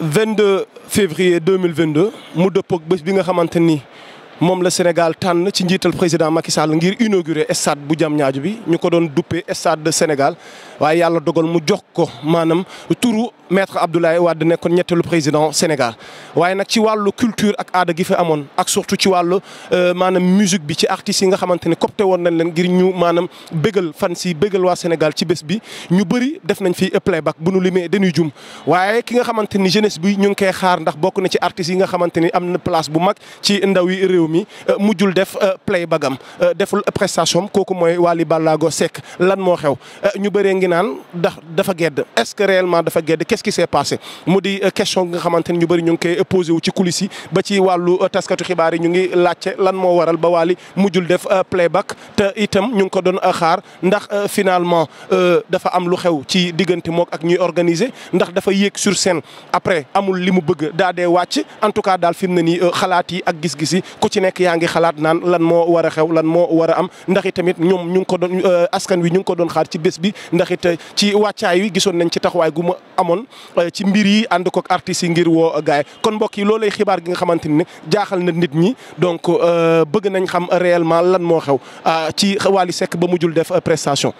22 février 2022 mu dëppook bés bi nga xamante ni moom la Sénégal tànn ci njiital président Macky Sall ngir inauguré stade bu jam Diamniadio bi ñu ko doon duppee stade de Sénégal waaye yàlla dogal mu jox ko maanaam turu maître Abdoulaye Wade nekkoon ñetteelu président Sénégal. waaye nag ci wàllu culture ak aada gi fi amoon ak surtout ci wàllu euh, maanaam musique bi ci artistes yi nga xamante ne copte woon nañ leen ngir ñu maanaam bégal fan si bégal waa Sénégal ci bés bi ñu bëri def nañ fi playback bu nu limee dañuy jum waaye ki nga xamante ni jeunesse bi ñu ngi koy xaar ndax bokk na ci artistes yi nga xamante ni am na place bu mag ci ndaw yi réew mi euh, mujjul def euh, play bagam euh, deful prestation kooku mooy Wally Ballago Seck lan moo xew ñu bëree ngi naan ndax dafa gedd est-ce que réellement dafa gedd qu'est-ce qui s'est passé mu di question nga xamante ni ñu bëri ñu ngi koy posé wu ci coulisses yi yi ñu ngi laajte lan moo waral ba Wally mujjul def play back te itam ñu ngi ko doon xaar ndax finalement dafa am lu xew ci diggante mook ak ñu organiser ndax dafa yéeg sur scène après amul li mu bëgg daa dee wàcc en tout cas daal fi mu ne xalaat yi ak gis-gis yi ci nekk yaa ngi xalaat naan lan moo war a xew lan moo war a am ndax tamit ñoom ñu ngi ko doon euh, askan wi ñu ngi ko doon xaar ci bés bi ndax euh, ci wàccaay wi gisoon nañ ci taxawaay gu mu amoon euh, ci mbir yi ànd kook artistes yi ngir woo gaay kon mbokk yi loolay xibaar gi nga xamante ni jaaxal na nit ñi donc bëgg nañ xam réellement lan moo xew ci Wally sekk ba mujjul def prestation